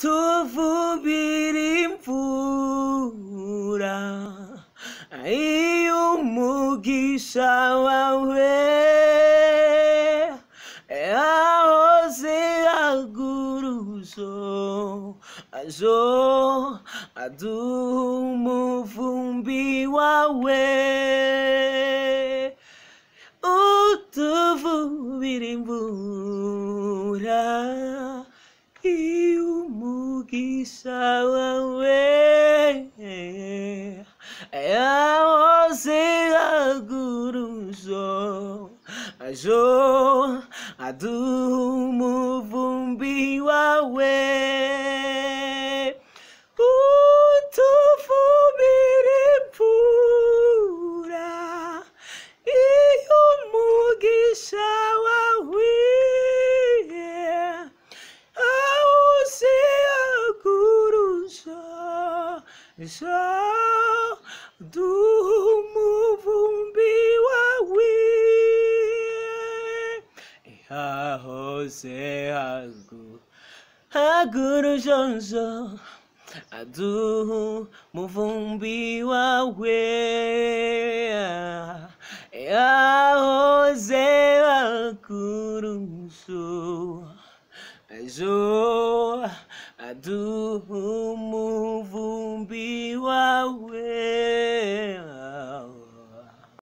Tuvo birimpura Aí o mugisha aue É a rose guruzo Azo adu muvumbi aue O tuvo birimbura kisha wewe yaozera so ajo adumuvumbi wawe Show do Muvumbiwawi Iha Jose Agu Aguru Jonjo Adu Muvumbiwawi a Jose Aguru Jonjo Adu